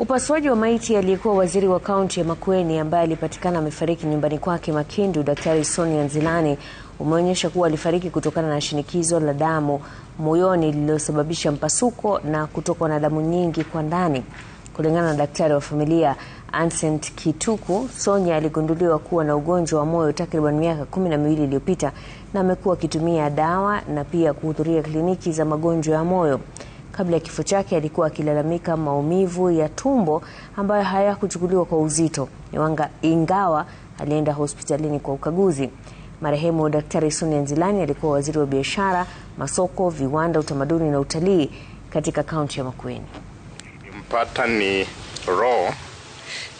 Upasuaji wa maiti aliyekuwa waziri wa kaunti ya Makueni ambaye alipatikana amefariki nyumbani kwake Makindu, Daktari Sonia Nzilani umeonyesha kuwa alifariki kutokana na shinikizo la damu moyoni lililosababisha mpasuko na kutokwa na damu nyingi kwa ndani. Kulingana na daktari wa familia Ansent Kituku, Sonia aligunduliwa kuwa na ugonjwa wa moyo takriban miaka kumi na miwili iliyopita na amekuwa akitumia dawa na pia kuhudhuria kliniki za magonjwa ya moyo. Kabla ya kifo chake alikuwa akilalamika maumivu ya tumbo ambayo hayakuchukuliwa kwa uzito, ingawa alienda hospitalini kwa ukaguzi. Marehemu Daktari Sonia Nzilani alikuwa waziri wa biashara, masoko, viwanda, utamaduni na utalii katika kaunti ya Makueni. Mpata ni roho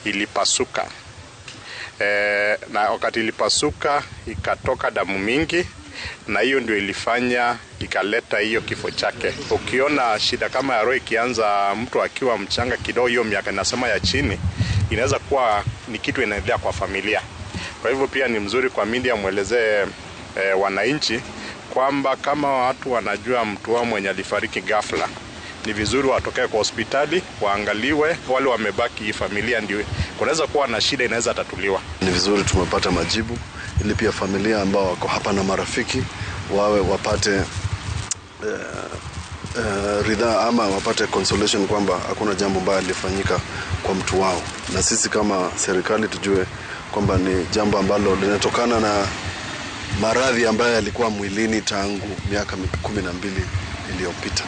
ilipasuka, e, na wakati ilipasuka ikatoka damu mingi na hiyo ndio ilifanya ikaleta hiyo kifo chake. Ukiona shida kama ya roho ikianza mtu akiwa mchanga kidogo, hiyo miaka inasema ya chini, inaweza kuwa ni kitu inaendelea kwa familia. Kwa hivyo pia ni mzuri kwa media mwelezee eh, wananchi kwamba kama watu wanajua mtu wao mwenye alifariki ghafla ni vizuri watokee kwa hospitali waangaliwe, wale wamebaki familia ndio kunaweza kuwa na shida, inaweza tatuliwa. Ni vizuri tumepata majibu, ili pia familia ambao wako hapa na marafiki wawe wapate uh, uh, ridhaa ama wapate consolation kwamba hakuna jambo mbaya lilifanyika kwa mtu wao, na sisi kama serikali tujue kwamba ni jambo ambalo linatokana na maradhi ambayo yalikuwa mwilini tangu miaka kumi na mbili iliyopita.